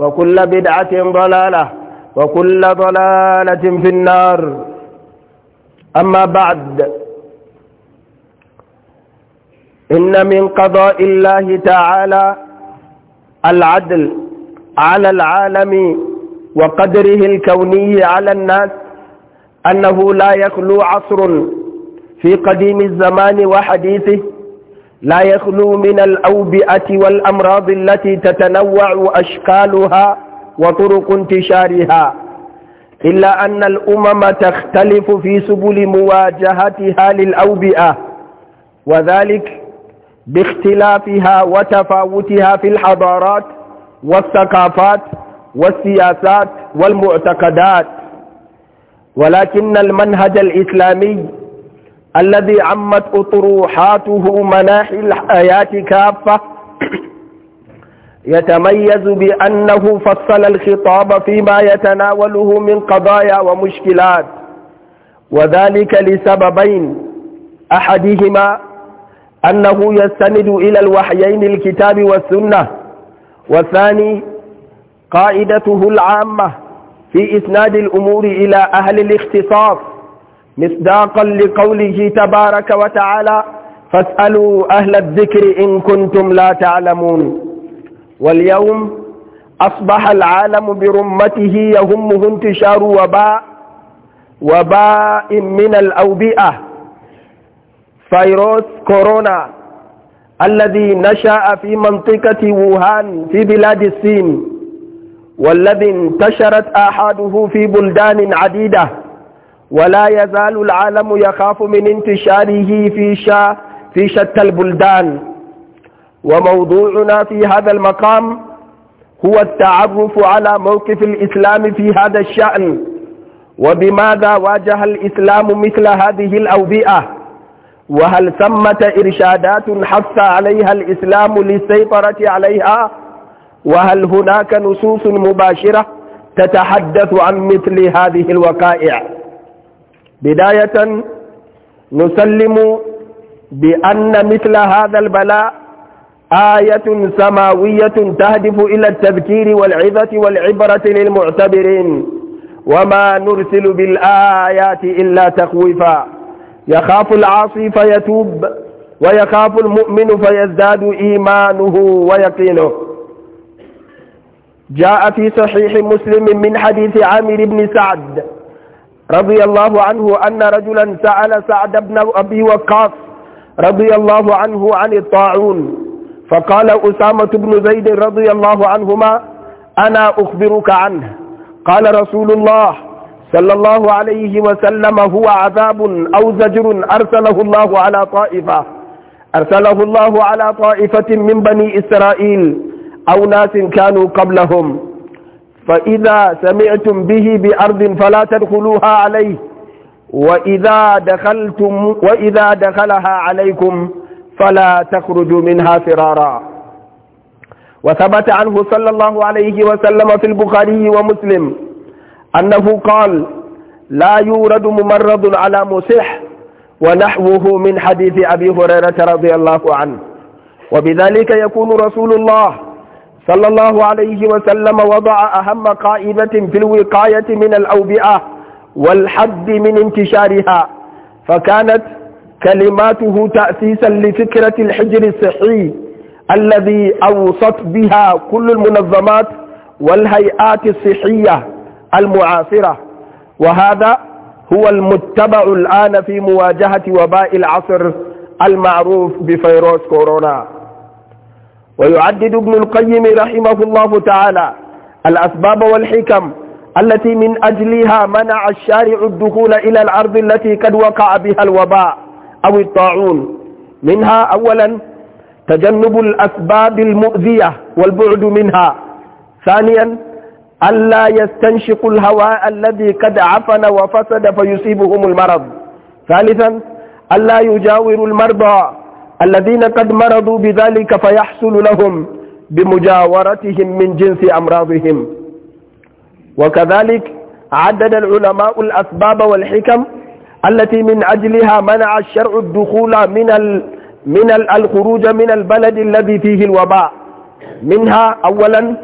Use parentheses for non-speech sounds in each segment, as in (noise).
وكل بدعة ضلالة وكل ضلالة في النار أما بعد إن من قضاء الله تعالى العدل على العالم وقدره الكوني على الناس أنه لا يخلو عصر في قديم الزمان وحديثه لا يخلو من الأوبئة والأمراض التي تتنوع أشكالها وطرق انتشارها إلا أن الأمم تختلف في سبل مواجهتها للأوبئة وذلك باختلافها وتفاوتها في الحضارات والثقافات والسياسات والمعتقدات ولكن المنهج الإسلامي الذي عمت أطروحاته مناحي الحياة كافة (clears throat) يتميز بأنه فصل الخطاب فيما يتناوله من قضايا ومشكلات وذلك لسببين أحدهما أنه يستند إلى الوحيين الكتاب والسنة والثاني قاعدته العامة في إسناد الأمور إلى أهل الاختصاص مصداقا لقوله تبارك وتعالى فاسألوا أهل الذكر إن كنتم لا تعلمون واليوم أصبح العالم برمته يهمه انتشار وباء وباء من الأوبئة فيروس كورونا الذي نشأ في منطقة ووهان في بلاد الصين والذي انتشرت آحاده في بلدان عديدة ولا يزال العالم يخاف من انتشاره في شا في شتى البلدان وموضوعنا في هذا المقام هو التعرف على موقف الإسلام في هذا الشأن وبماذا واجه الإسلام مثل هذه الأوبئة وهل ثمة إرشادات حث عليها الإسلام للسيطرة عليها وهل هناك نصوص مباشرة تتحدث عن مثل هذه الوقائع بداية نسلم بأن مثل هذا البلاء آية سماوية تهدف إلى التذكير والعظة والعبرة للمعتبرين وما نرسل بالآيات إلا تخويفا يخاف العاصي فيتوب ويخاف المؤمن فيزداد إيمانه ويقينه جاء في صحيح مسلم من حديث عامر بن سعد رضي الله عنه أن رجلا سأل سعد بن أبي وقاص رضي الله عنه عن الطاعون فقال أسامة بن زيد رضي الله عنهما أنا أخبرك عنه قال رسول الله صلى الله عليه وسلم هو عذاب أو زجر أرسله الله على طائفة أرسله الله على طائفة من بني إسرائيل أو ناس كانوا قبلهم فإذا سمعتم به بأرض فلا تدخلوها عليه وإذا دخلتم وإذا دخلها عليكم فلا تخرجوا منها فرارا وثبت عنه صلى الله عليه وسلم في البخاري ومسلم أنه قال لا يورد ممرض على مصح ونحوه من حديث أبي هريرة رضي الله عنه وبذلك يكون رسول الله صلى الله عليه وسلم وضع أهم قائمة في الوقاية من الأوبئة والحد من انتشارها فكانت كلماته تأسيسا لفكرة الحجر الصحي الذي أوصت بها كل المنظمات والهيئات الصحية المعاصرة وهذا هو المتبع الآن في مواجهة وباء العصر المعروف بفيروس كورونا ويعدد ابن القيم رحمه الله تعالى الأسباب والحكم التي من أجلها منع الشارع الدخول إلى الأرض التي قد وقع بها الوباء أو الطاعون منها أولا تجنب الأسباب المؤذية والبعد منها ثانيا ألا يستنشق الهواء الذي قد عفن وفسد فيصيبهم المرض ثالثا ألا يجاور المرضى الذين قد مرضوا بذلك فيحصل لهم بمجاورتهم من جنس أمراضهم وكذلك عدد العلماء الأسباب والحكم التي من أجلها منع الشرع الدخول من ال من الخروج من البلد الذي فيه الوباء منها أولا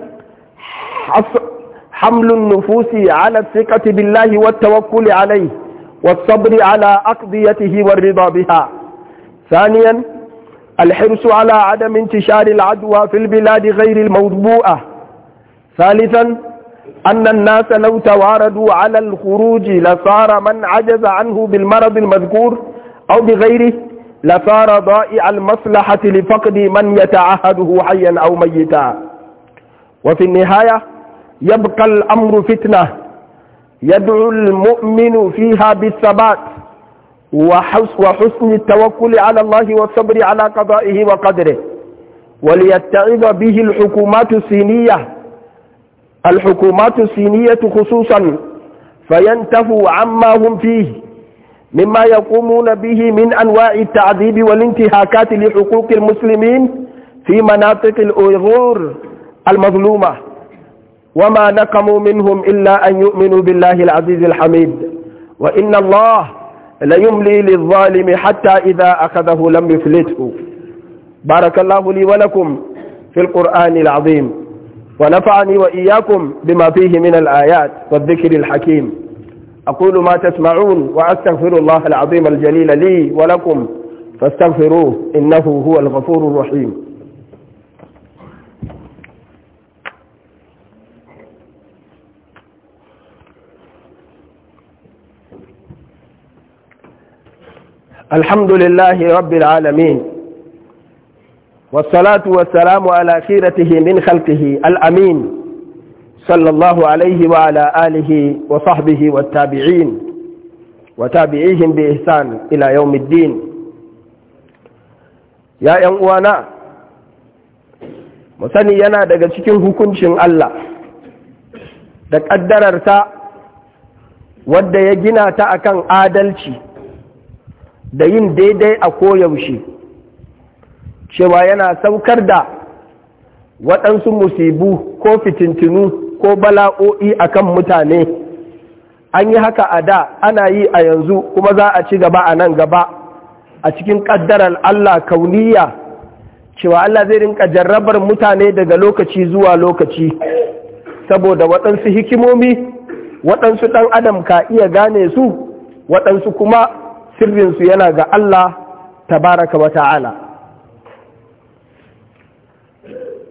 حمل النفوس على الثقة بالله والتوكل عليه والصبر على أقضيته والرضا بها ثانيا الحرص على عدم انتشار العدوى في البلاد غير الموضوعة ثالثا أن الناس لو تواردوا على الخروج لصار من عجز عنه بالمرض المذكور أو بغيره لصار ضائع المصلحة لفقد من يتعهده حيا أو ميتا وفي النهاية يبقى الأمر فتنة يدعو المؤمن فيها بالثبات وحسن التوكل على الله والصبر على قضائه وقدره وليتعظ به الحكومات الصينية الحكومات الصينية خصوصا فينتفوا عما هم فيه مما يقومون به من أنواع التعذيب والانتهاكات لحقوق المسلمين في مناطق الأيغور المظلومة وما نقموا منهم إلا أن يؤمنوا بالله العزيز الحميد وإن الله ليملي للظالم حتى إذا أخذه لم يفلته بارك الله لي ولكم في القرآن العظيم ونفعني وإياكم بما فيه من الآيات والذكر الحكيم أقول ما تسمعون وأستغفر الله العظيم الجليل لي ولكم فاستغفروه إنه هو الغفور الرحيم الحمد لله رب العالمين والصلاة والسلام على خيرته من خلقه الأمين صلى الله عليه وعلى آله وصحبه والتابعين وتابعيهم بإحسان إلى يوم الدين يا ينوانا musani yana daga cikin hukuncin Allah da ƙaddararta wadda ya gina ta akan da yin daidai a koyaushe cewa yana saukar da waɗansu musibu ko fitintinu ko bala'o'i akan mutane an yi haka a da ana yi a yanzu kuma za a ci gaba a nan gaba a cikin ƙaddarar Allah kauniya cewa Allah zai rinka jarrabar mutane daga lokaci zuwa lokaci saboda waɗansu hikimomi waɗansu ɗan adam ka iya gane su waɗansu kuma sirrinsu yana ga Allah tabaraka wa ta'ala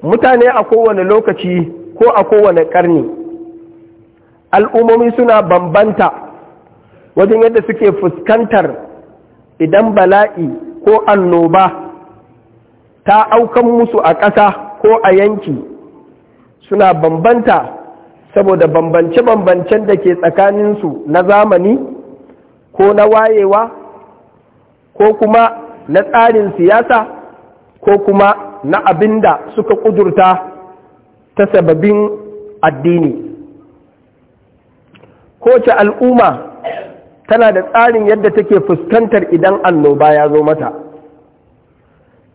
mutane a kowane lokaci ko a kowane ƙarni al'ummomi suna bambanta wajen yadda suke fuskantar idan bala'i ko annoba ta aukan musu a ƙasa ko a yanki suna bambanta saboda bambance-bambancen da ke tsakaninsu na zamani ko na wayewa ko kuma na tsarin siyasa ko kuma na abinda suka kudurta ta sababin addini kowace al'umma tana da tsarin yadda take fuskantar idan annoba ya zo mata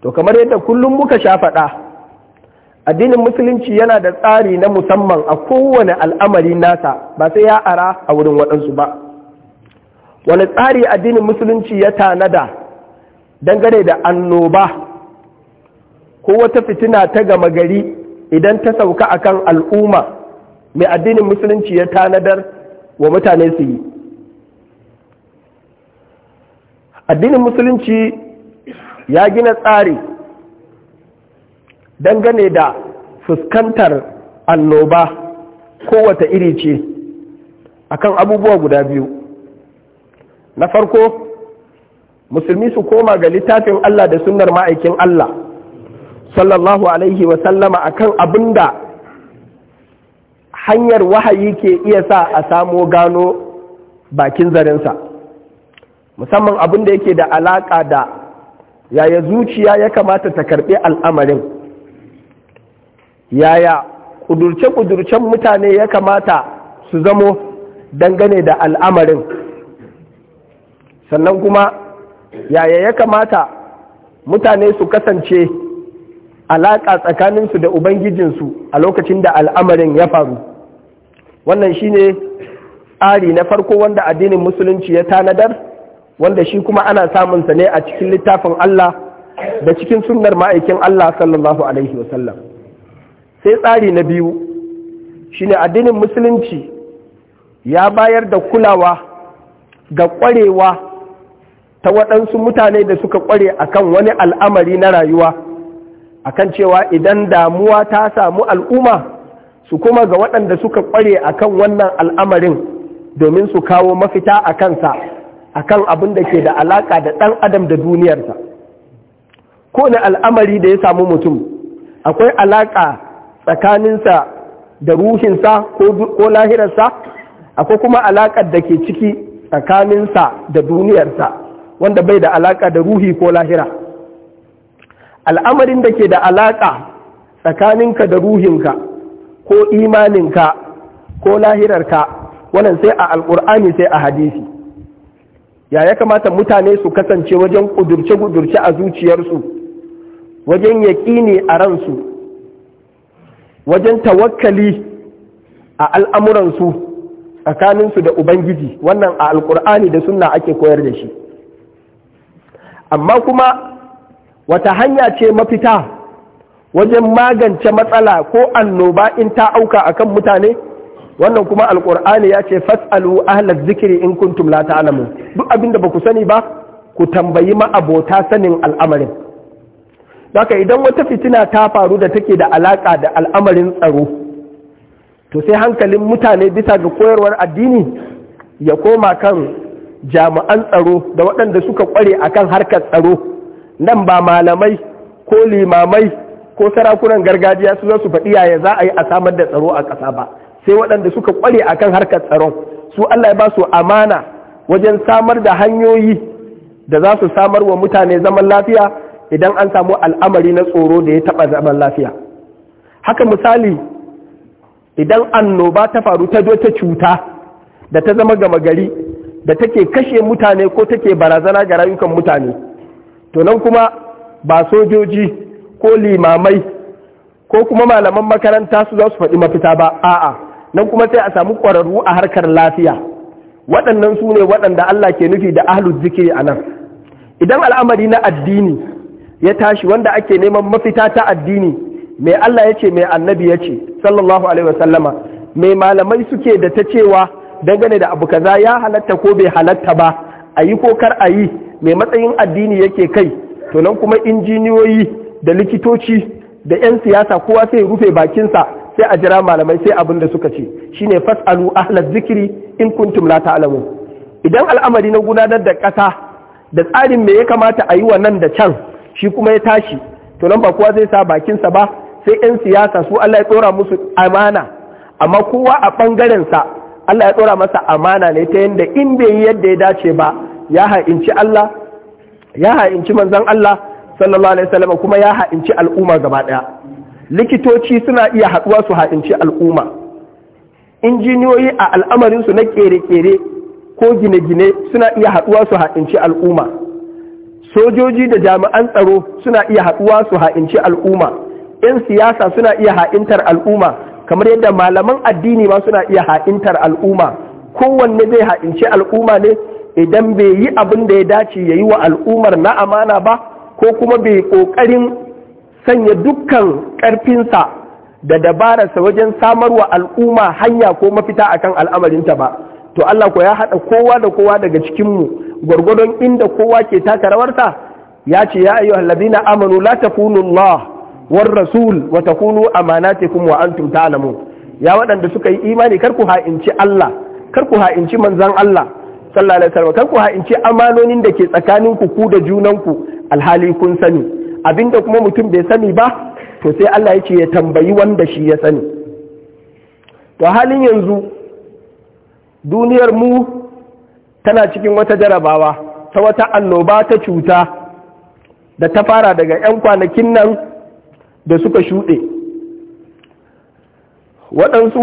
to kamar yadda kullum muka sha faɗa addinin musulunci yana da tsari na musamman a kowane al'amari nasa ba sai ya ara a wurin waɗansu ba wani tsari addinin musulunci ya tanada dangane da annoba ko wata fitina ta gama gari idan ta sauka akan al'umma mai addinin musulunci ya tanadar wa mutane su yi addinin musulunci ya gina tsari dangane da fuskantar annoba kowata iri ce akan abubuwa guda biyu na farko musulmi su koma ga littafin Allah da sunnar ma'aikin Allah sallallahu alaihi wa a kan abin da hanyar wahayi ke iya sa a samo gano bakin zarinsa musamman abin da yake da alaƙa da yaya zuciya ya kamata ta karɓi al'amarin yaya ƙudurce-ƙudurcen mutane ya kamata su zamo dangane da al'amarin sannan kuma yaya ya kamata mutane su kasance alaƙa tsakaninsu da ubangijinsu a lokacin da al'amarin ya faru wannan shine tsari na farko wanda addinin musulunci ya tanadar wanda shi kuma ana samunsa ne a cikin littafin Allah da cikin sunnar ma'aikin Allah sallallahu alaihi wasallam sai tsari na biyu shine addinin musulunci ya bayar da kulawa ga ƙwarewa ta waɗansu mutane da suka ƙware akan wani al'amari na rayuwa a kan cewa idan damuwa ta samu al'umma su kuma ga waɗanda suka ƙware akan wannan al'amarin domin su kawo mafita a kansa a kan abin da ke da alaƙa da ɗan adam da duniyarsa ko ne al'amari da ya samu mutum akwai alaƙa tsakaninsa da ruhinsa ko lahirarsa akwai kuma alaƙar da ke ciki tsakaninsa da duniyarsa wanda bai da alaƙa da ruhi ko lahira al'amarin da ke da alaƙa tsakaninka da ruhinka ko imaninka ko lahirarka wannan sai a alƙur'ani sai a hadisi ya ya kamata mutane su kasance wajen kudurce-kudurce a zuciyarsu wajen yaƙini a ransu wajen tawakkali a al'amuransu tsakaninsu da ubangiji wannan a alƙur'ani da sunna ake koyar da shi amma kuma wata hanya ce mafita wajen magance matsala ko annoba in ta auka a kan mutane wannan kuma alkur'ani ya ce fas'alu ahlaz zikiri in kuntum la ta'lamun duk abinda ba ku sani ba ku tambayi ma'abota sanin al'amarin Daka idan wata fitina ta faru da take da alaƙa da al'amarin tsaro to sai hankalin mutane bisa ga koyarwar addini ya koma kan jami'an tsaro da waɗanda suka ƙware akan harkar tsaro nan ba malamai ko limamai ko sarakunan gargajiya su su faɗi yaya za a yi a samar da tsaro a ƙasa ba sai waɗanda suka ƙware akan harkar tsaron su Allah ya ba su amana wajen samar da hanyoyi da za su samar wa mutane zaman lafiya idan an samu al'amari na tsoro da ya taɓa zaman lafiya haka misali idan annoba ta faru ta zo ta cuta da ta zama gama gari da take kashe mutane ko take barazana ga rayukan mutane to nan kuma ba sojoji ko limamai ko kuma malaman makaranta su za su faɗi mafita ba a'a nan kuma sai a samu ƙwararru a harkar lafiya waɗannan su ne waɗanda Allah ke nufi da ahlu zikiri a nan idan al'amari na addini ya tashi wanda ake neman mafita ta addini mai Allah ya ce mai annabi ya ce sallallahu alaihi wasallama mai malamai suke da ta cewa dangane da abu kaza ya halatta ko bai halatta ba a yi ko kar a yi mai matsayin addini yake kai to nan kuma injiniyoyi da likitoci da 'yan siyasa kowa sai rufe bakinsa sai a jira malamai sai abin da suka ce shine fasalu ahlaz zikiri in kuntum la ta'lamu idan al'amari na gudanar da ƙasa da tsarin me ya kamata a yi wa nan da can shi kuma ya tashi to nan ba kowa zai sa bakinsa ba sai 'yan siyasa su Allah ya tsora musu amana amma kowa a ɓangarensa Allah ya ɗora masa amana ne ta yadda in bai yi yadda ya dace ba ya ha'inci Allah ya ha'inci manzon Allah sallallahu alaihi wasallam kuma ya ha'inci al'umma gaba ɗaya likitoci suna iya haɗuwa su ha'inci al'umma injiniyoyi a al'amarinsu na kere-kere ko gine-gine suna iya haɗuwa su ha'inci al'umma sojoji da jami'an tsaro suna iya haɗuwa su ha'inci al'umma 'yan siyasa suna iya ha'intar al'umma kamar yadda malaman addini ma suna iya ha'intar al'umma kowanne zai ha'ince al'umma ne idan bai yi abin da ya dace ya yi wa al'ummar na amana ba ko kuma bai ƙoƙarin sanya dukkan ƙarfinsa da dabararsa wajen samarwa al'umma hanya ko mafita akan al'amarinta ba to Allah ko ya haɗa kowa da kowa daga cikinmu gwargwadon inda kowa ke taka rawarta? ya ce ya ayyuhal amanu la war rasul wa takunu amanatikum wa antum ta'lamun ya waɗanda suka yi imani kar ku ha'inci Allah kar ku ha'inci manzon Allah sallallahu alaihi wasallam kar ku ha'inci amanonin da ke tsakanin ku ku da junan ku alhali kun sani abinda kuma mutum bai sani ba to sai Allah ya ce ya tambayi wanda shi ya sani to halin yanzu duniyar mu tana cikin wata jarabawa ta wata annoba ta cuta da ta fara daga 'yan kwanakin nan da suka shuɗe waɗansu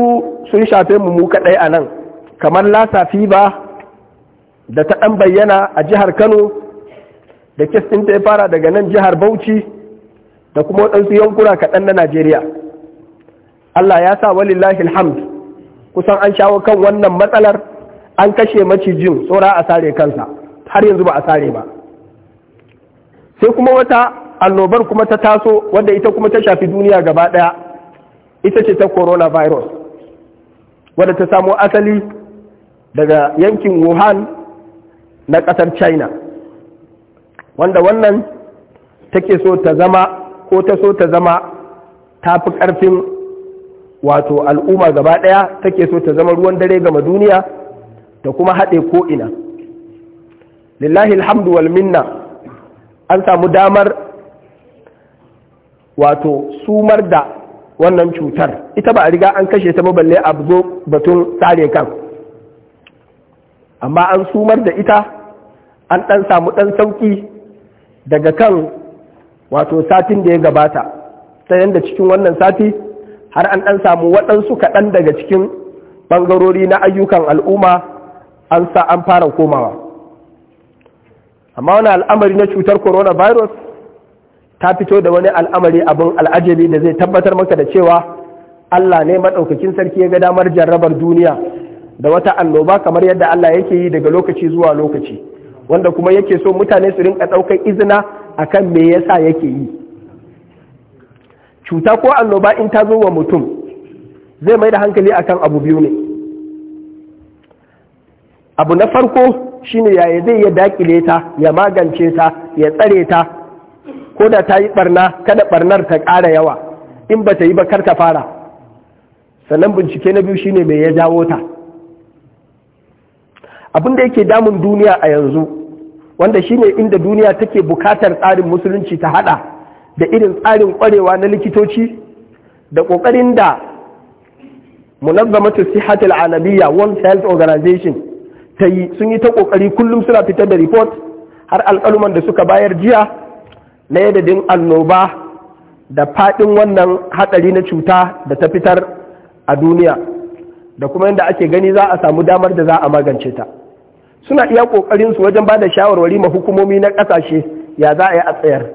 sun shafe mu mu kaɗai a nan kamar lasa fiba da ta ɗan bayyana a jihar kano da ɗin ta ya fara daga nan jihar bauchi da kuma waɗansu yankuna kaɗan na najeriya allah ya sa walillahi alhamd kusan an shawo kan wannan matsalar an kashe macijin tsora a sare kansa har yanzu ba a sare ba sai kuma wata annobar kuma ta taso wadda ita kuma ta shafi duniya gaba ɗaya ita ce ta coronavirus wadda ta samo asali daga yankin wuhan na ƙasar china wanda wannan take so ta zama ko ta so ta zama ta fi ƙarfin wato al'umma gaba ɗaya take so ta zama ruwan dare gama duniya da kuma haɗe ko'ina lillahi alhamdu wal minna an samu damar wato sumar da wannan cutar ita ba a riga an kashe ta balle a zo batun tsare kan amma an sumar da ita an ɗan samu ɗan sauƙi daga kan wato satin da ya gabata ta yadda cikin wannan sati har an ɗan samu waɗansu kaɗan daga cikin ɓangarori na ayyukan al'umma an sa an fara komawa amma wani al'amari na cutar coronavirus ta fito da wani al'amari abin al'ajabi da zai tabbatar maka da cewa Allah ne maɗaukakin sarki ya ga damar jarrabar duniya da wata annoba kamar yadda Allah yake yi daga lokaci zuwa lokaci wanda kuma yake so mutane su rinka ɗaukar izina akan me yasa yake yi cuta ko annoba in ta zo wa mutum zai mai da hankali akan abu biyu ne abu na farko shine yaya zai ya daƙile ta ya magance ta ya tsare ta ko da ta yi barna kada barnar ta ƙara yawa in ba ta yi ba kar ta fara sannan bincike na biyu shine mai ya jawo ta abin da yake damun duniya a yanzu wanda shine inda duniya take bukatar tsarin musulunci ta hada da irin tsarin ƙwarewa na likitoci da ƙoƙarin da munazzamatu sihatul alamiyya world health organization ta yi sun yi ta ƙoƙari kullum suna fitar da report har alƙaluman da suka bayar jiya na yadadin annoba da faɗin wannan hatsari na cuta da ta fitar a duniya da kuma yadda ake gani za a samu damar da za a magance ta suna iya ƙoƙarinsu wajen ba da shawarwari ma hukumomi na ƙasashe ya za a yi a tsayar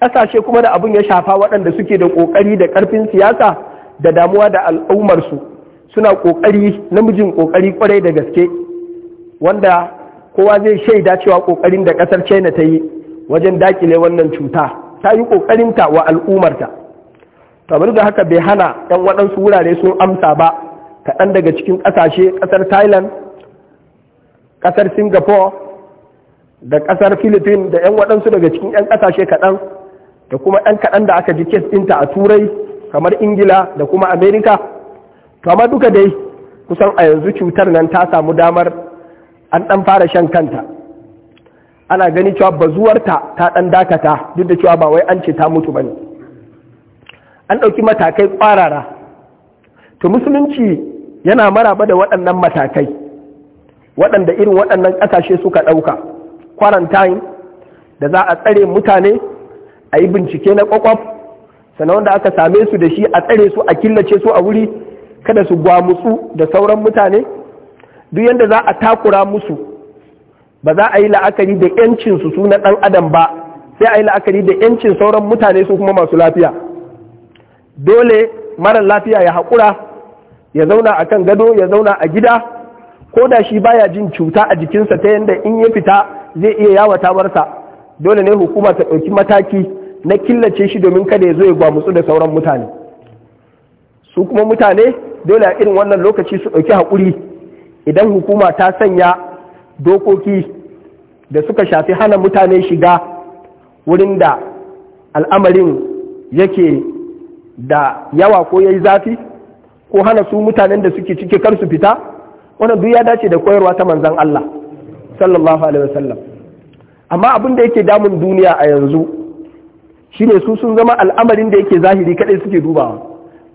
ƙasashe kuma da abin ya shafa waɗanda suke da ƙoƙari da ƙarfin siyasa da damuwa da al'ummarsu suna ƙoƙari namijin ƙoƙari ƙwarai da gaske wanda kowa zai shaida cewa ƙoƙarin da ƙasar china ta yi wajen dakile wannan cuta ta yi ta wa al'umarta kamar da haka bai hana yan waɗansu wurare sun amsa ba kaɗan daga cikin ƙasashe ƙasar thailand ƙasar singapore da ƙasar philippines da 'yan waɗansu daga cikin 'yan ƙasashe kaɗan da kuma 'yan kaɗan da aka ji kes ɗinta a turai kamar ingila da kuma america to amma duka dai kusan a yanzu cutar nan ta samu damar an ɗan fara shan kanta ana gani cewa bazuwarta ta ɗan dakata duk da cewa ba wai an ce ta mutu ba ne an ɗauki matakai ƙwarara to musulunci yana maraba da waɗannan matakai waɗanda irin waɗannan ƙasashe suka ɗauka quarantine da za a tsare mutane a yi bincike na ƙwaƙwaf sannan wanda aka same su da shi a tsare su a killace su a wuri kada su gwamutsu da sauran mutane duk yadda za a takura musu ba za a yi la'akari da yancin su na ɗan adam ba sai a yi la'akari da yancin sauran mutane su kuma masu lafiya dole mara lafiya ya haƙura ya zauna a kan gado ya zauna a gida ko da shi baya jin cuta a jikinsa ta yadda in ya fita zai iya yawata warsa dole ne hukuma ta ɗauki mataki na killace shi domin kada ya zo ya gwamutsu da sauran mutane su kuma mutane dole a irin wannan lokaci su ɗauki haƙuri idan hukuma ta sanya dokoki da suka shafi hana mutane shiga wurin da al'amarin yake da yawa ko ya yi zafi ko hana su mutanen da suke cike kar su fita wannan duk ya dace da koyarwa ta manzan Allah sallallahu alaihi wasallam amma abin da yake damun duniya a yanzu shine su sun zama al'amarin da yake zahiri kadai suke dubawa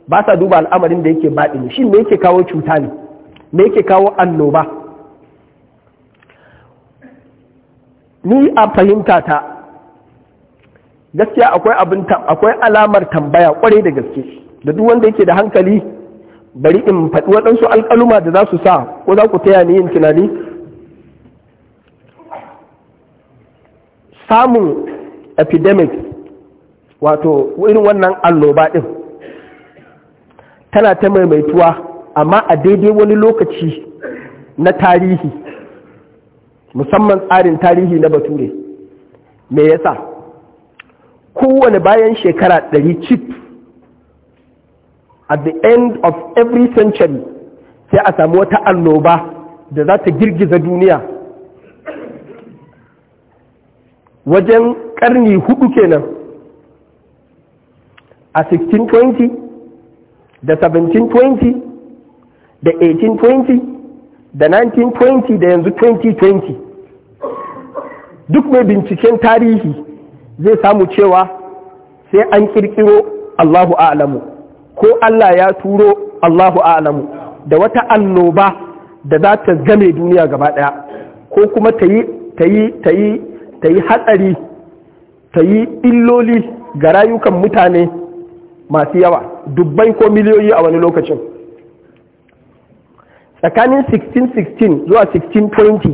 ba sa duba al'amarin da yake baɗini shi me yake kawo cuta ne me yake kawo annoba ni a fahimta ta gaskiya akwai abin akwai alamar tambaya kwarai da gaske da duk wanda yake da hankali bari in faɗi waɗansu alƙaluma da za su sa ko za ku taya ni yin tunani samun epidemic wato irin wannan alloba ɗin tana ta maimaituwa amma a daidai wani lokaci na tarihi musamman tsarin tarihi na bature me yasa kowane bayan shekara ɗari cip at the end of every century sai a samu wata annoba da za ta girgiza duniya wajen karni hudu kenan a 1620 da 1720 da 1820 da 1920 da yanzu 2020 duk mai binciken tarihi zai samu cewa sai an kirkiro Allahu a'lamu ko Allah ya turo Allahu a'lamu da wata annoba da za ta game duniya gaba ɗaya ko kuma ta yi hatsari ta yi illoli ga rayukan mutane masu yawa dubbai ko miliyoyi a wani lokacin tsakanin 1616 zuwa 1620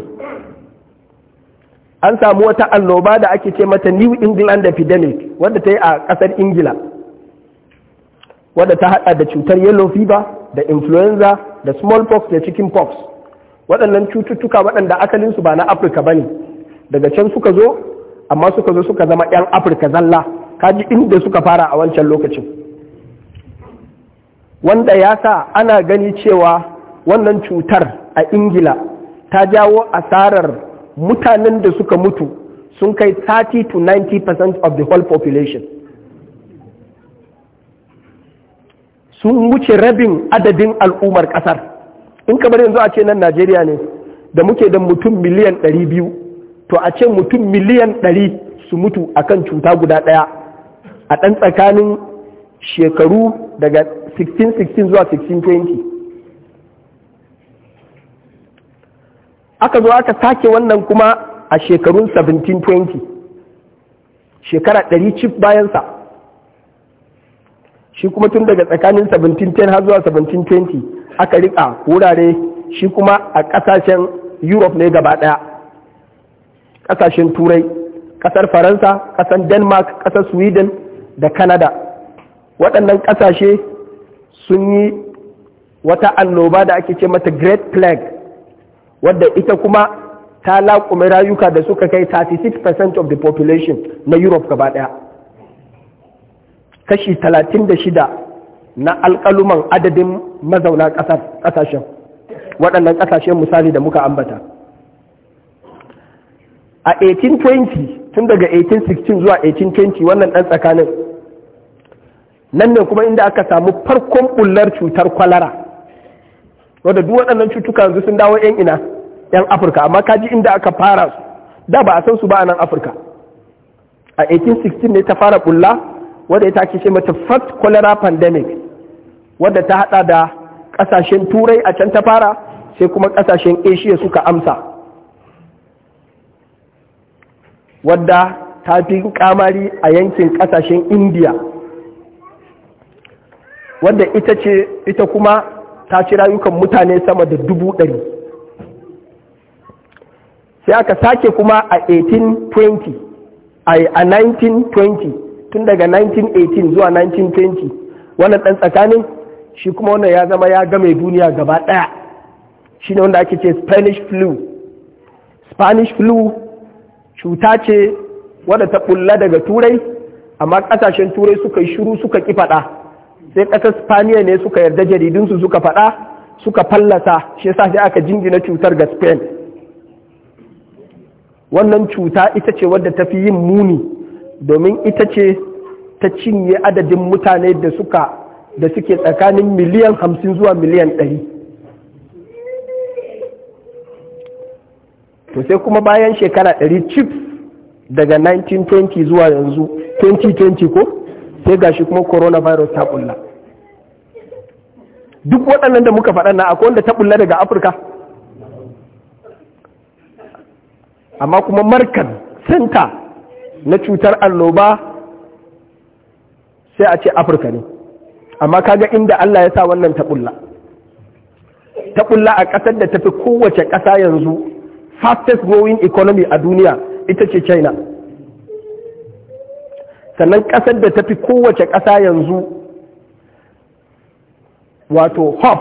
an samu wata alloba da ake ce mata new england epidemic wadda ta yi a kasar ingila wadda ta hada da cutar yellow fever da influenza da smallpox da chickenpox waɗannan cututtuka waɗanda asalinsu ba na afirka ba ne daga can suka zo amma suka zo suka zama 'yan afirka zalla kaji inda suka fara a wancan lokacin wanda ya sa ana gani cewa wannan cutar a ingila ta jawo asarar mutanen da suka mutu sun kai 30 to 90% of the whole population sun wuce rabin adadin al'ummar kasar in kamar yanzu a ce nan najeriya ne da muke da mutum miliyan 200 to a ce mutum miliyan 100 su mutu a kan cuta guda ɗaya a ɗan tsakanin shekaru daga 1616 zuwa 1620 aka zo aka sake wannan kuma a shekarun 1720 shekara 100 cif bayansa shi kuma tun daga tsakanin 1710 har zuwa 1720 aka riƙa wurare shi kuma a ƙasashen europe ne gaba ɗaya, kasashen turai ƙasar faransa kasar denmark ƙasar sweden da canada waɗannan ƙasashe sun yi wata annoba da ake ce mata great plague wadda ita kuma ta laƙume rayuka da suka kai 36% of the population na europe gaba ɗaya kashi 36 na alƙaluman adadin mazauna ƙasashen waɗannan ƙasashen misali da muka ambata a 1820 tun daga 1816 zuwa 1820 wannan ɗan tsakanin nan ne kuma inda aka samu farkon ɓullar cutar kwalara wadda duk waɗannan cutuka yanzu sun dawo 'yan ina 'yan afirka amma kaji inda aka fara su da ba a san su ba a nan afirka a 1816 ne ta fara bulla wadda ya ake ce mata first cholera pandemic wadda ta hada da kasashen turai a can ta fara sai kuma ƙasashen asia suka amsa wadda ta fi kamari a yankin ƙasashen india wadda ita ce ita kuma ta ci rayukan mutane sama da dubu ɗari sai aka sake kuma a 1820 a 1920 tun daga 1918 zuwa 1920 wannan ɗan tsakanin shi kuma wannan ya zama ya game duniya gaba ɗaya shi ne wanda ake ce spanish flu spanish flu cuta ce wadda ta ɓulla daga turai amma ƙasashen turai suka yi shiru suka ƙi faɗa sai ƙasar spaniya ne suka yarda jaridunsu suka faɗa suka fallasa shi yasa sai aka jingina cutar ga spain wannan cuta ita ce wadda ta fi yin muni domin ita ce ta cinye adadin mutane da suka da suke tsakanin miliyan hamsin zuwa miliyan ɗari to sai kuma bayan shekara ɗari chips daga 1920 zuwa yanzu 2020 ko sai gashi kuma coronavirus ta bulla duk waɗannan da muka faɗa na akwai wanda ta bulla daga afirka amma kuma markan senta na cutar annoba sai a ce afirka ne amma kaga inda allah ya sa wannan ta bulla ta bulla a ƙasar da tafi kowace ƙasa yanzu fastest growing economy a duniya ita ce china sannan ƙasar da tafi kowace ƙasa yanzu wato hop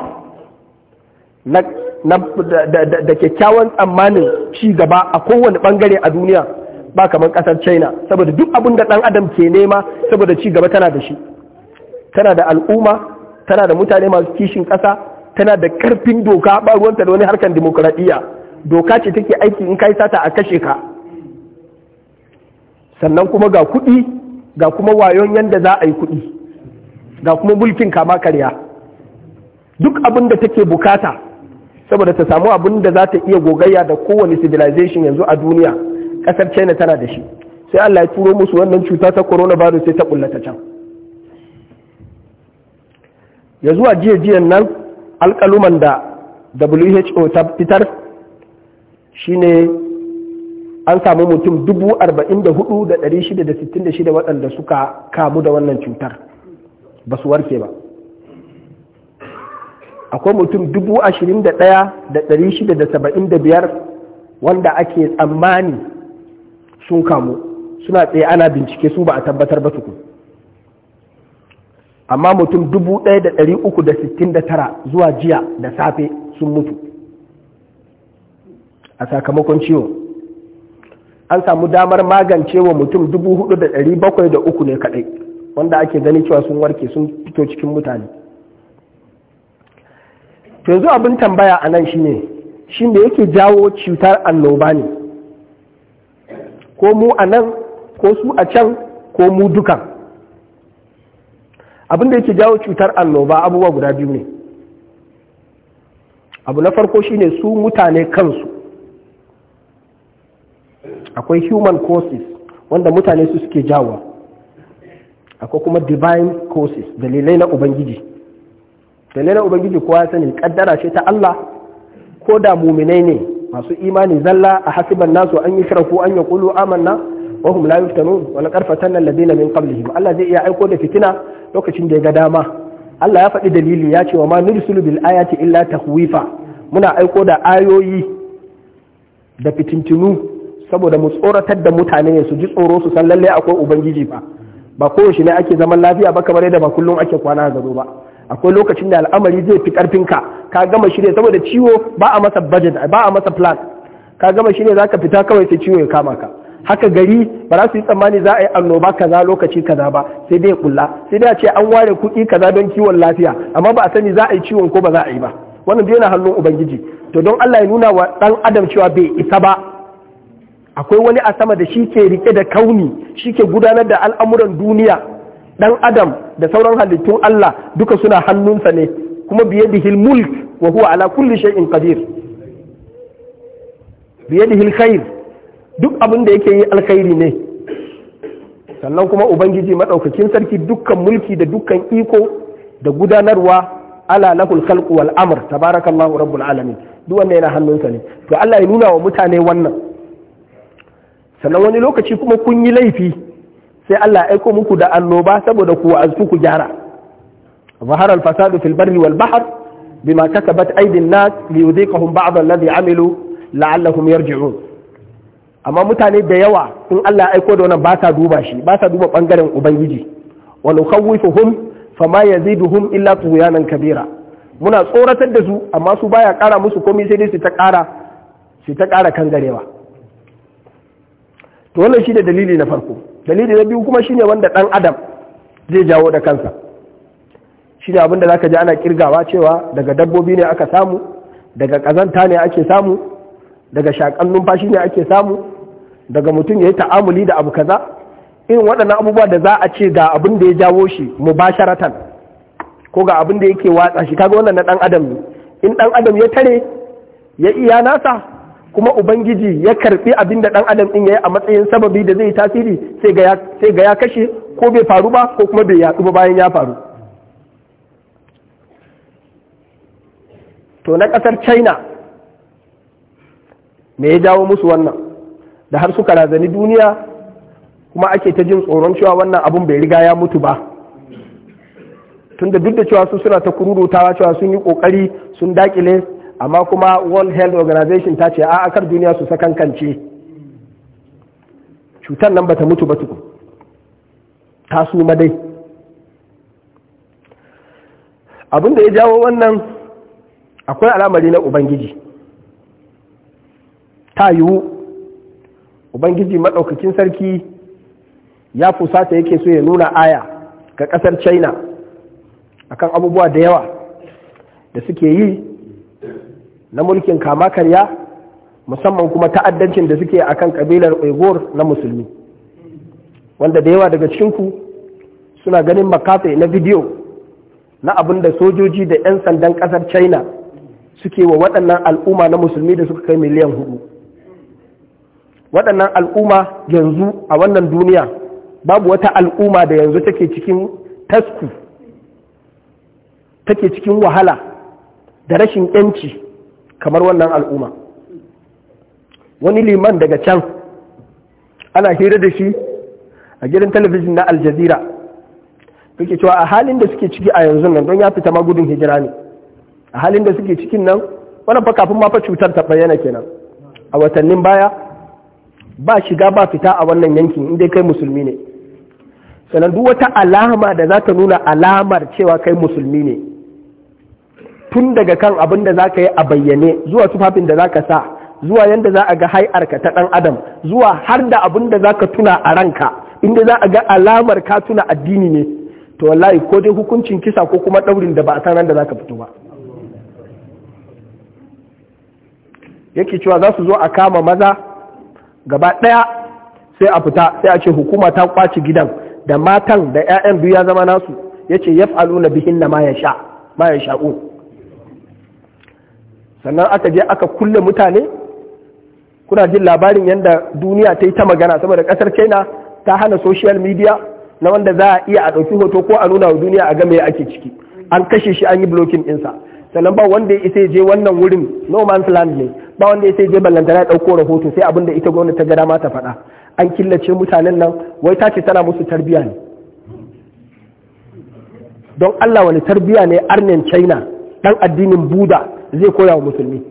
da kyakkyawan tsammanin ci gaba a kowane bangare a duniya ba kamar ƙasar china saboda duk abin da ɗan adam ke nema saboda ci gaba tana da shi tana da al'umma tana da mutane masu kishin ƙasa tana da ƙarfin doka ba ruwanta da wani harkar dimokuraɗiyya doka ce take aiki in kai sata a kashe ka sannan kuma ga kuɗi ga kuma wayon yadda za a yi kuɗi ga kuma mulkin kama karya duk abin da take bukata saboda ta samu abin da za ta iya gogayya da kowane civilization yanzu a duniya ƙasar china tana da shi sai allah ya turo musu wannan cuta ta coronavirus sai ta ƙullata can ya zuwa jiya jiyan nan alƙaluman da who ta fitar shine an samu mutum dubu arba'in da hudu da ɗari shida da sittin da shida waɗanda suka kamu da wannan cutar ba su warke ba akwai mutum dubu ashirin da ɗaya da ɗari shida da saba'in da biyar wanda ake tsammani sun kamu suna tsaye ana bincike su ba a tabbatar ba tukun amma mutum dubu ɗaya da ɗari uku da sittin da tara zuwa jiya da safe sun mutu a sakamakon ciwon an samu damar magance wa mutum dubu hudu da ɗari bakwai da uku ne kaɗai wanda ake gani cewa sun warke sun fito cikin mutane to yanzu abin tambaya a nan shine shi ne yake jawo cutar annoba ne ko mu a nan ko su a can ko mu dukan abin da yake jawo cutar annoba abubuwa guda biyu ne abu na farko shine su mutane kansu akwai human causes wanda mutane su suke jawo akwai kuma divine causes dalilai na ubangiji dalilai na ubangiji kowa ya sani kaddara ce ta Allah ko da muminai ne masu imani zalla a hasiban nasu an yi sharafu an kulu amanna wa hum la yuftanun wa laqad fatanna alladhina min qablihim Allah zai iya aiko da fitina lokacin da ya ga dama Allah ya faɗi dalili ya ce wa ma nursulu bil ayati illa tahwifa muna aiko da ayoyi da fitintunu. saboda mu tsoratar da mutane ne su ji tsoro su san lallai akwai ubangiji ba, ba shi ne ake zaman lafiya ba kamar yadda ba kullum ake kwana a gado ba akwai lokacin da al'amari zai fi karfin ka ka gama ne saboda ciwo ba a masa budget ba a masa plan ka gama shi shirya zaka fita kawai sai ciwo ya kama ka haka gari ba za su yi tsammani za a yi annoba kaza lokaci kaza ba sai dai kulla sai dai a ce an ware kuɗi kaza don kiwon lafiya amma ba a sani za a yi ciwon ko ba za a yi ba wannan dai yana hannun ubangiji to don Allah ya nuna wa dan adam cewa bai isa ba akwai wani a sama da shi ke rike da kauni shi ke gudanar da al'amuran duniya Ɗan adam da sauran halittun Allah duka suna hannunsa ne kuma biye da mulk wa huwa ala kulli shay'in qadir da khair duk abin da yake yi alkhairi ne sannan kuma ubangiji madaukakin sarki dukkan mulki da dukkan iko da gudanarwa ala lahul khalq wal amr tabarakallahu rabbul alamin duk wanda yana hannunsa ne to Allah ya nuna wa mutane wannan sannan wani lokaci kuma kun yi laifi sai Allah ya aiko muku da annoba saboda ku wa'azu ku gyara ظهر الفساد في البر والبحر بما كسبت أيدي الناس ليذيقهم بعض الذي عملوا la'allahum yarji'un amma mutane da yawa in Allah aiko da wannan ba duba shi ba sa duba bangaren ubangiji wa nukhawifuhum fama yaziduhum illa nan kabira muna tsoratar da su amma su baya kara musu komai sai dai su ta kara kan ta kara to wannan shine dalili na farko dalili na biyu kuma shine wanda ɗan adam zai jawo da kansa shine abinda za ka ji ana kirgawa cewa daga dabbobi ne aka samu daga ƙazanta ne ake samu daga shakan numfashi ne ake samu daga mutum ya yi ta'amuli da abu kaza irin waɗannan abubuwa da za a ce ga abin da ya jawo shi mubasharatan ko ga abin da yake watsa shi kaga wannan na ɗan adam ne in ɗan adam ya tare ya iya nasa kuma ubangiji ya karbi abin da dan adam din yayi a matsayin sababi da zai tasiri sai ga ya kashe ko bai faru ba ko kuma bai yatsu ba bayan ya faru to na ƙasar china me ya jawo musu wannan da har suka razani duniya kuma ake ta jin tsoron cewa wannan abun bai riga ya mutu ba tunda duk da cewa su suna ta kururutawa cewa sun yi ƙoƙari, sun dakile amma kuma world health organization ta ce a akar duniya su sakankance cutar nan ba ta mutu ba tukun ta su madai abinda ya jawo wannan akwai alamari na ubangiji ta yiwu ubangiji maɗaukakin sarki ya fusata yake so ya nuna aya ga ƙasar china akan abubuwa da yawa da suke yi na mulkin kama karya musamman kuma ta'addancin da suke akan kabilar uighur na musulmi wanda da yawa daga cikinku suna ganin makafe na bidiyo na abin da sojoji da 'yan sandan kasar china suke wa waɗannan al'umma na musulmi da suka kai miliyan hudu waɗannan al'umma yanzu a wannan duniya babu wata al'umma da yanzu take cikin tasku take cikin wahala da rashin 'yanci kamar wannan al'umma wani liman daga can ana hira da shi a gidan talabijin na aljazira yake cewa a halin da suke ciki a yanzu nan don ya fita magudun hijira ne a halin da suke cikin nan wani fa kafin ma fa cutar ta bayyana kenan a watannin baya ba shiga ba fita a wannan yankin inda kai musulmi ne sannan duk wata alama da za ta nuna alamar cewa kai musulmi ne tun daga kan abin da za ka yi a bayyane zuwa tufafin da za ka sa zuwa yadda za a ga hai'arka ta ɗan adam zuwa har da abin da za ka tuna a ranka inda za a ga alamar ka tuna addini ne to wallahi ko dai hukuncin kisa ko kuma ɗaurin da ba a san da za ka fito ba yake cewa za su zo a kama maza gaba ɗaya sai a fita sai a ce hukuma ta kwaci gidan da matan da 'ya'yan biyu ya zama nasu ya ce yaf'aluna bihinna ma ya sha'un sannan aka je aka kulle mutane kuna jin labarin yadda duniya ta yi ta magana saboda kasar china ta hana social media na wanda za a iya a ɗauki hoto ko a nuna wa duniya a ga me ake ciki an kashe shi an yi bulokin ɗinsa sannan ba wanda ya je wannan wurin no man's land ne ba wanda ya je ballantana ya ɗauko rahoto sai abin da ita gwamnati ta ga dama ta faɗa an killace mutanen nan wai ta ce tana musu tarbiya ne don Allah wani tarbiya ne arnen China ɗan addinin Buda zai koya wa musulmi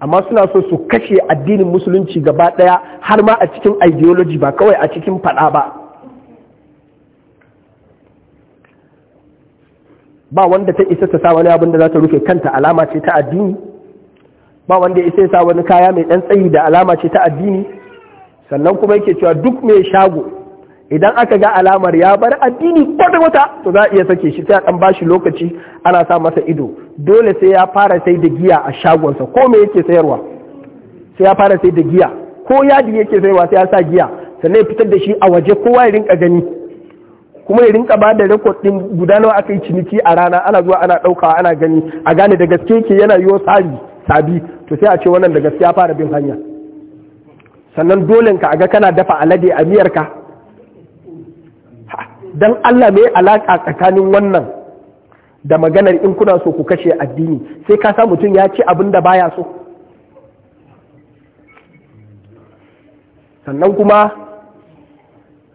amma suna so su kashe addinin musulunci gaba ɗaya har ma a cikin ideology ba kawai a cikin faɗa ba ba wanda ta isa ta sa wani abin da za ta rufe kanta alama ce ta addini ba wanda isa ya sa wani kaya mai ɗan tsayi da alama ce ta addini sannan kuma yake cewa duk mai shago idan aka ga alamar ya bar addini kwata wata to za a iya sake shi sai a dan bashi lokaci ana sa masa ido dole sai ya fara sai da giya a shagonsa ko me yake sayarwa sai ya fara sai da giya ko yadi yake sayarwa sai ya sa giya sannan ya fitar da shi a waje kowa ya rinka gani kuma ya rinka ba da rekod din guda nawa aka yi ciniki a rana ana zuwa ana ɗaukawa ana gani a gane da gaske yake yana yiwo sabi sabi to sai a ce wannan da gaske ya fara bin hanya sannan dole ka ga kana dafa alade a miyarka don Allah mai alaƙa tsakanin wannan da maganar in kuna so ku kashe addini sai ka sa mutum ya ci abin da baya so sannan kuma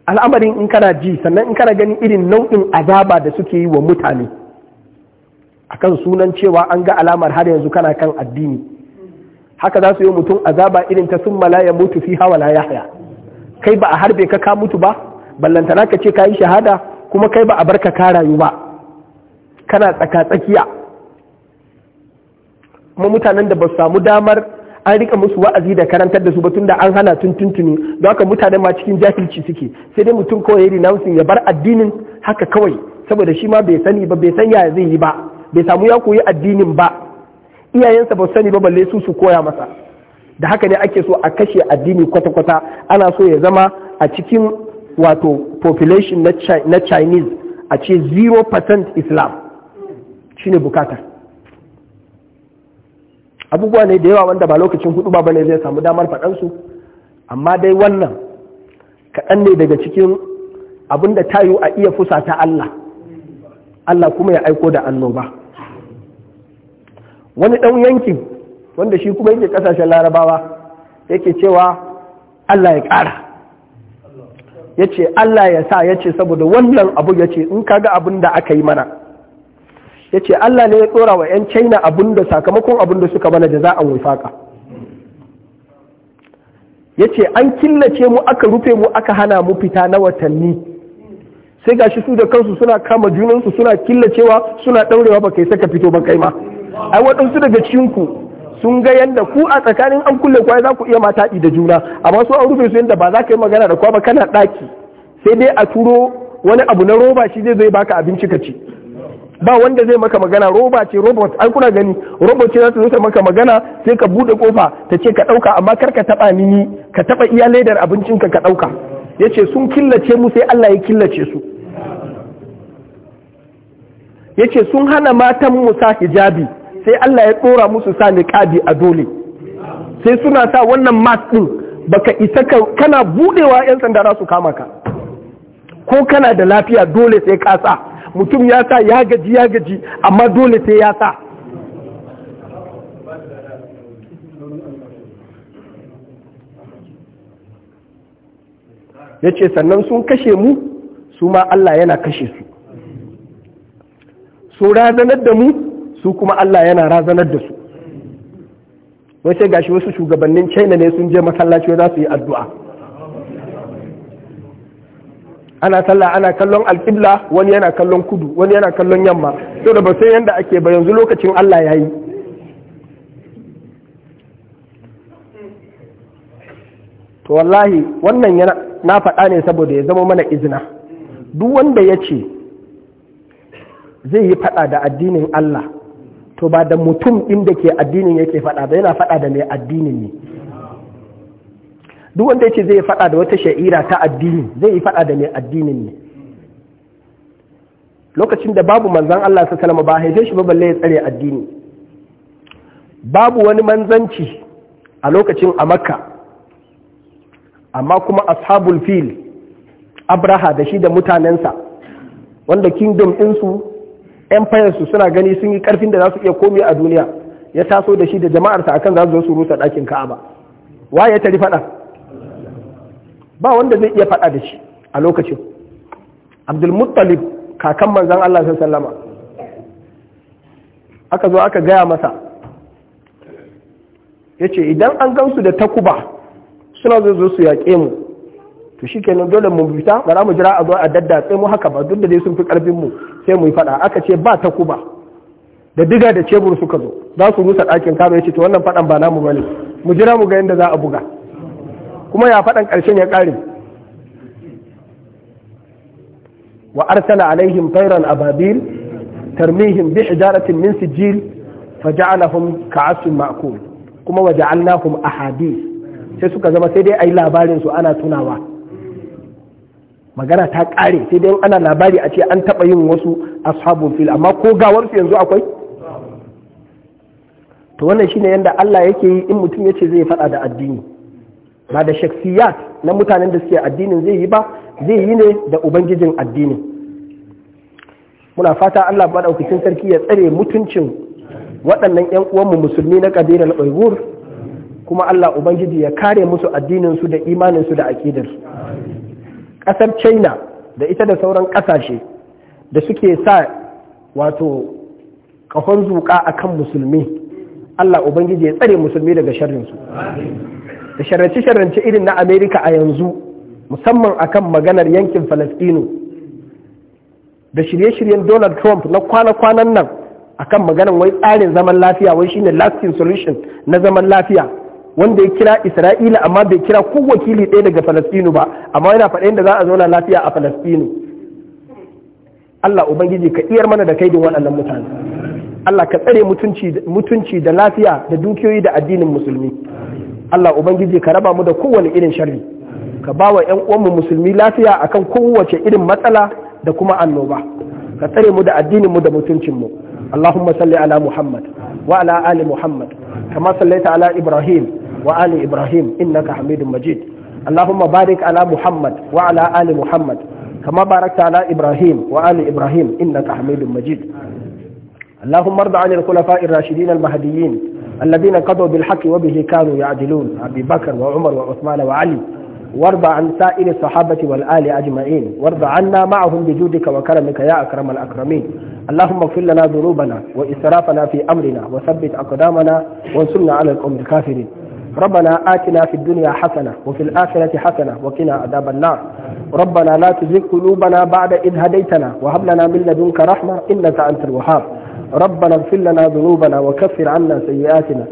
al'amarin in kana ji sannan in kana gani irin nau'in azaba da suke yi wa mutane akan sunan cewa an ga alamar har yanzu kana kan addini haka za su yi mutum azaba irin ta sun ya mutu fi hawa la yahya kai ba a harbe ka ka mutu ba ballantana ka ce ka yi shahada kuma kai ba a bar ka rayu ba kana tsaka-tsakiya kuma mutanen da ba su samu damar an rika musu wa'azi da karantar da su batun da an hana tun tuntuni don haka mutanen ma cikin jahilci suke sai dai mutum kawai ya renouncing ya bar addinin haka kawai saboda shi ma bai sani ba bai san yaya zai yi ba bai samu ya koyi addinin ba iyayensa ba su sani ba balle su su koya masa da haka ne ake so a kashe addini kwata-kwata ana so ya zama a cikin wato population na chinese a ce 0% islam shine bukatar abubuwa ne da yawa wanda ba lokacin hudu ba ne zai samu damar faɗansu amma dai wannan kaɗan ne daga cikin abin da tayo a iya fusata Allah Allah kuma ya aiko da annoba wani ɗan yankin wanda shi kuma yake ƙasashen larabawa yake cewa Allah ya ƙara ya ce Allah ya sa ya ce saboda wannan abu ya ce in kaga abin da aka yi mana ya ce Allah ne ya tsora wa 'yan China abin da sakamakon abin da suka mana da za a wifaka ya ce an killace mu aka rufe mu aka hana mu fita na watanni sai gashi su da kansu suna kama junansu suna killacewa suna ɗaurewa ba kai saka fito ba kai ma ai waɗansu daga cikinku sun ga yadda ku a tsakanin an kulle kwaye za ku iya mata da juna amma su an rufe su yadda ba za ka yi magana da kwa ba kana ɗaki sai dai a turo wani abu na roba shi zai zai baka abinci ka ci ba wanda zai maka magana roba ce robot an kuna gani robot ce za ta zo ta maka magana sai ka bude kofa ta ce ka dauka amma kar ka taba ni, ka taba iya ledar abincin ka ka dauka yace sun killace mu sai Allah ya killace su yace sun hana matan mu sa hijabi sai Allah ya tsora musu sa niqabi a dole sai suna sa wannan mask ɗin, baka isa ka kana budewa yan sanda za su kama ka ko kana da lafiya dole sai ka sa mutum ya sa ya gaji ya gaji amma dole sai ya sa ya ce sannan sun kashe mu su ma Allah yana kashe su su razanar da mu su kuma Allah yana razanar da su wai sai gashi wasu shugabannin china ne sun je masallaci za su yi addu'a ana sallah ana kallon alƙibla wani yana kallon kudu wani yana kallon yamma to da ba sai yanda ake ba yanzu lokacin Allah ya yi to wallahi wannan na faɗa ne saboda ya zama mana izina duk wanda ya ce zai yi faɗa da addinin Allah to ba da mutum ɗin da ke addinin yake faɗa ba yana faɗa da mai addinin ne duk wanda yake zai faɗa da wata sha'ira ta addini zai yi faɗa da mai addinin ne lokacin da babu manzan Allah sa salama ba haife shi ba balle ya tsare addini babu wani manzanci a lokacin a makka amma kuma ashabul fil abraha da shi da mutanensa wanda kingdom ɗinsu empire su suna gani sun yi karfin da za su iya komi a duniya ya taso da shi da jama'arsa akan za su zo su rusa ɗakin ka'aba wa ya tari faɗa ba wanda zai iya faɗa da shi a lokacin Abdul abdulmuttalib kakan manzan Allah sallama aka zo aka gaya masa yace idan an gansu da takuba suna zo zo su yaƙe mu to shi kenan dole mu fita ba mu jira a zo a daddatse mu haka ba duk da dai sun fi ƙarfin mu sai mu yi fada aka ce ba ta kuba da diga da cebur suka zo za su rusa ɗakin kama ya ce wannan faɗan ba namu bane mu jira mu ga yadda za a buga kuma ya fadan ƙarshen ya ƙare wa arsala alaihim tayran ababil tarmihim bi hijaratin min sijil faja'alahum ka'asin ma'kul kuma waja'alnahum ahadith sai suka zama sai dai ayi labarin su ana tunawa magana ta ƙare sai dai ana labari a ce an taɓa yin wasu ashabun fil amma ko gawarsu yanzu akwai to wannan shine yadda Allah yake yi in mutum yace zai faɗa da addini ba da shaksiya na mutanen da suke addinin zai yi ba zai yi ne da ubangijin addinin muna fata Allah maɗaukacin sarki ya tsare mutuncin waɗannan 'yan mu musulmi na kabilar Uyghur kuma Allah ubangiji ya kare musu addinin su da imanin su da su. ƙasar china da ita da sauran ƙasashe da suke sa wato ƙahon zuƙa a kan musulmi allah ubangiji ya tsare musulmi daga sharrinsu da sharrance-sharrance irin na amerika a yanzu musamman a kan maganar yankin falastino da shirye-shiryen donald trump na kwana-kwanan nan a kan maganar wai tsarin zaman lafiya wai shine lasting solution na zaman lafiya wanda ya kira isra'ila amma bai kira ko wakili ɗaya daga falastinu ba amma yana faɗa inda za a zauna lafiya a falastinu allah ubangiji ka iyar mana da kaidin waɗannan mutane allah ka tsare mutunci da lafiya da dukiyoyi da addinin musulmi allah ubangiji ka raba mu da kowane irin sharri ka ba wa ƴan mu musulmi lafiya akan kowace irin matsala da kuma annoba ka tsare mu da addinin mu da mutuncin mu اللهم صل على محمد وعلى Ali Muhammad كما صليت على Ibrahim. وآل إبراهيم إنك حميد مجيد اللهم بارك على محمد وعلى آل محمد كما باركت على إبراهيم وآل إبراهيم إنك حميد مجيد اللهم ارض عن الخلفاء الراشدين المهديين الذين قضوا بالحق وبه كانوا يعدلون أبي بكر وعمر وعثمان وعلي وارض عن سائر الصحابة والآل أجمعين وارض عنا معهم بجودك وكرمك يا أكرم الأكرمين اللهم اغفر لنا ذنوبنا وإسرافنا في أمرنا وثبت أقدامنا وانصرنا على القوم الكافرين ربنا آتنا في الدنيا حسنة وفي الآخرة حسنة وقنا عذاب النار ربنا لا تزغ قلوبنا بعد إذ هديتنا وهب لنا من لدنك رحمة إنك أنت الوهاب ربنا اغفر لنا ذنوبنا وكفر عنا سيئاتنا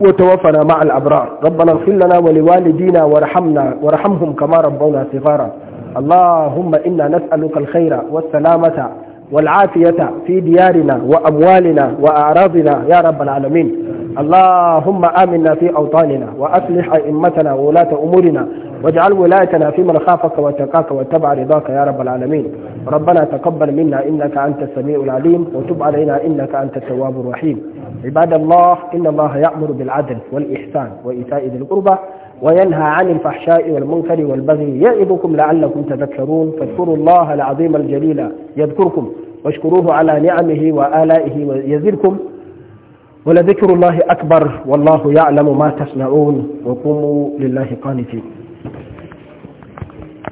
وتوفنا مع الأبرار ربنا اغفر لنا ولوالدينا وارحمنا وارحمهم كما ربونا صغارا اللهم إنا نسألك الخير والسلامة والعافية في ديارنا وأموالنا وأعراضنا يا رب العالمين اللهم آمنا في أوطاننا وأصلح أئمتنا وولاة أمورنا واجعل ولايتنا في من خافك واتقاك واتبع رضاك يا رب العالمين ربنا تقبل منا إنك أنت السميع العليم وتب علينا إنك أنت التواب الرحيم عباد الله إن الله يأمر بالعدل والإحسان وإيتاء ذي القربى وينهى عن الفحشاء والمنكر والبغي يعظكم لعلكم تذكرون فاذكروا الله العظيم الجليل يذكركم واشكروه على نعمه وآلائه يزدكم ولذكر الله أكبر والله يعلم ما تصنعون وقوموا لله قانتين